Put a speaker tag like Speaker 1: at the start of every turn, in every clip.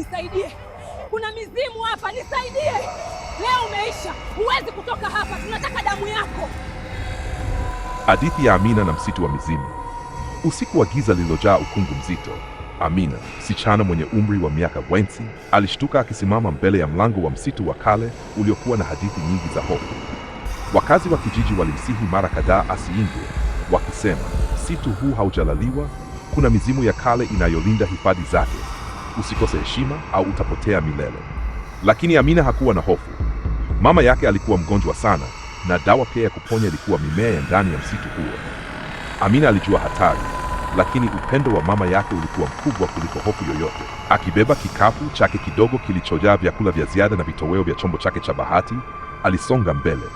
Speaker 1: nisaidie, kuna mizimu hapa, nisaidie. Leo umeisha, huwezi kutoka hapa, tunataka damu yako.
Speaker 2: Hadithi ya Amina na msitu wa mizimu. Usiku wa giza lililojaa ukungu mzito, Amina, msichana mwenye umri wa miaka wensi, alishtuka akisimama mbele ya mlango wa msitu wa kale uliokuwa na hadithi nyingi za hofu. Wakazi wa kijiji walimsihi mara kadhaa asiingie, wakisema msitu huu haujalaliwa, kuna mizimu ya kale inayolinda hifadhi zake usikose heshima au utapotea milele. Lakini Amina hakuwa na hofu. Mama yake alikuwa mgonjwa sana, na dawa pia ya kuponya ilikuwa mimea ya ndani ya msitu huo. Amina alijua hatari, lakini upendo wa mama yake ulikuwa mkubwa kuliko hofu yoyote. Akibeba kikapu chake kidogo kilichojaa vyakula vya ziada na vitoweo vya chombo chake cha bahati, alisonga mbele.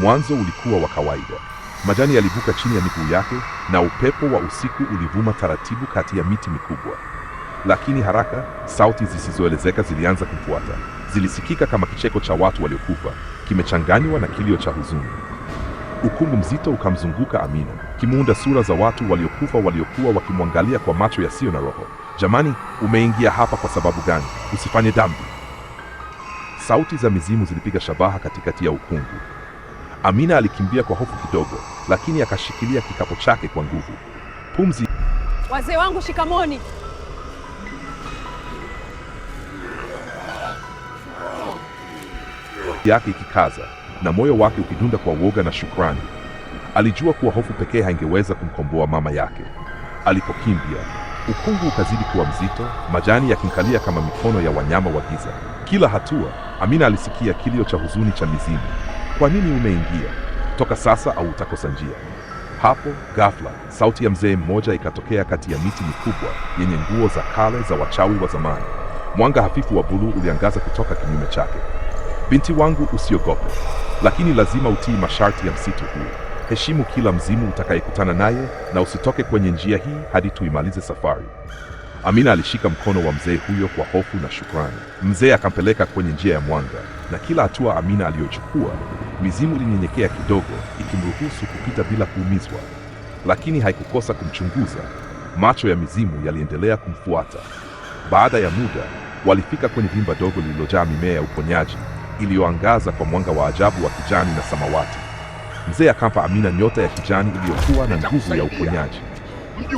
Speaker 2: Mwanzo ulikuwa wa kawaida. Majani yalivuka chini ya miguu yake na upepo wa usiku ulivuma taratibu kati ya miti mikubwa lakini haraka sauti zisizoelezeka zilianza kufuata Zilisikika kama kicheko cha watu waliokufa kimechanganywa na kilio cha huzuni. Ukungu mzito ukamzunguka Amina, kimuunda sura za watu waliokufa waliokuwa wakimwangalia kwa macho yasiyo na roho. Jamani, umeingia hapa kwa sababu gani? Usifanye dhambi. Sauti za mizimu zilipiga shabaha katikati ya ukungu. Amina alikimbia kwa hofu kidogo, lakini akashikilia kikapu chake kwa nguvu. Pumzi.
Speaker 1: Wazee wangu, shikamoni.
Speaker 2: yake ikikaza na moyo wake ukidunda kwa woga na shukrani. Alijua kuwa hofu pekee haingeweza kumkomboa mama yake. Alipokimbia, ukungu ukazidi kuwa mzito, majani yakimkalia kama mikono ya wanyama wa giza. Kila hatua, Amina alisikia kilio cha huzuni cha mizimu. Kwa nini umeingia? Toka sasa au utakosa njia. Hapo ghafla, sauti ya mzee mmoja ikatokea kati ya miti mikubwa yenye nguo za kale za wachawi wa zamani. Mwanga hafifu wa buluu uliangaza kutoka kinyume chake. Binti wangu, usiogope, lakini lazima utii masharti ya msitu huu. Heshimu kila mzimu utakayekutana naye na usitoke kwenye njia hii hadi tuimalize safari. Amina alishika mkono wa mzee huyo kwa hofu na shukrani. Mzee akampeleka kwenye njia ya mwanga, na kila hatua Amina aliyochukua, mizimu ilinyenyekea kidogo, ikimruhusu kupita bila kuumizwa. Lakini haikukosa kumchunguza. Macho ya mizimu yaliendelea kumfuata. Baada ya muda, walifika kwenye vimba dogo lililojaa mimea ya uponyaji iliyoangaza kwa mwanga wa ajabu wa kijani na samawati. Mzee akampa Amina nyota ya kijani iliyokuwa na nguvu ya uponyaji.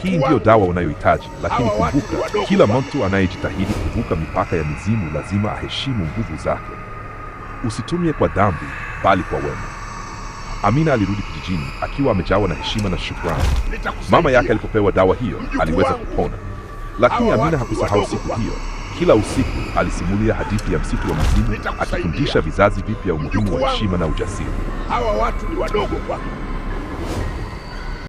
Speaker 2: Hii ndiyo dawa unayohitaji, lakini kumbuka, kila mtu anayejitahidi kuvuka mipaka ya mizimu lazima aheshimu nguvu zake. Usitumie kwa dhambi, bali kwa wema. Amina alirudi kijijini akiwa amejawa na heshima na shukrani. Mama yake alipopewa dawa hiyo aliweza kupona, lakini Amina hakusahau siku hiyo. Kila usiku alisimulia hadithi ya msitu wa Mzimu, akifundisha vizazi vipya umuhimu wa heshima na ujasiri. Hawa watu ni wadogo kwako.